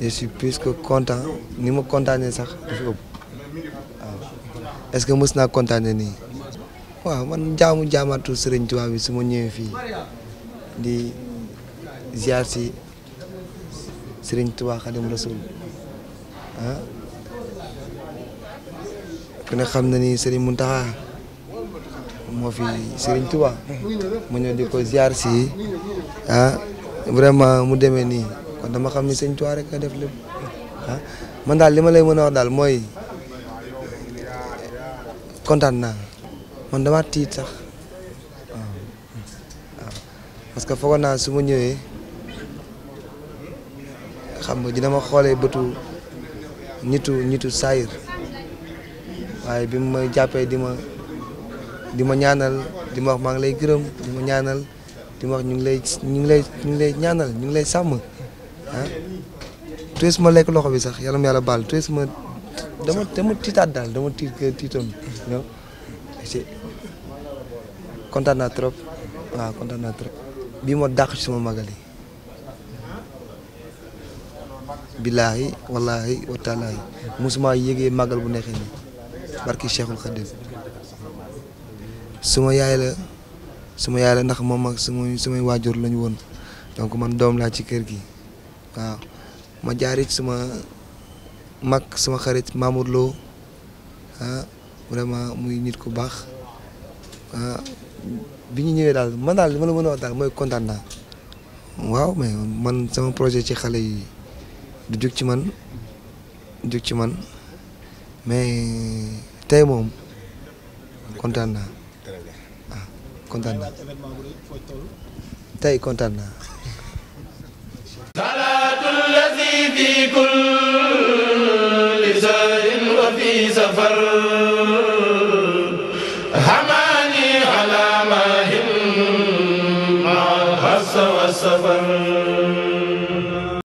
je suis plus que content ni ma kontaanee sax dafa ah. ëpp est ce que mës naa kontaanee nii waaw man jaamu jaamaatu Sëriñ Tuubaa bi di ziar si Sëriñ Tuubaa Xaadimu Rasuul ah ku ne xam na ni Sëriñ Muntaxa moo fi Sëriñ Tuubaa ñëw di ko ziar ah vraiment mu demee kon dama xam ni sëñ rek a def lépp daal li ma lay mën daal mooy kontaan naa man dama tiit sax parce que foog naa su ma ñëwee xam nga dina ma xoolee bëtu ñitu ñitu saayir waaye bi mu may jàppee di ma di ma ñaanal dima ma wax maa ngi lay gërëm ñaanal di ma wax ñu ngi lay ñu ngi lay ñu lay ñaanal ñu ngi lay sàmm tuis mo lek ma lekk loxo bi sax yàlla mu bal tuis tuye demo ma dama dama tiitaat daal dama tiit que euh, tiitoon ñëw ci kontaan naa trop waaw kontaan na trop bi mo dàq ci magal billahi wallahi wa taalahi musuma magal bu neexee ni barki cheikhul khadim suma yaay la suma yaay la ndax moom ak suma samay waajur lañu woon donc man laa ci kër gi waaw ma ci suma mag sama xarit Mamour Lo ah vraiment muy nit ku baax ah bi ñu ñëwee daal man daal li ma la mën wax daal mooy kontaan naa waaw mais man sama projet ci xale yi du jóg ci man jóg ci man mais tey moom kontaan naa ah kontaan naa. في كل زار وفي سفر هماني على ما هم مع الحس والسفر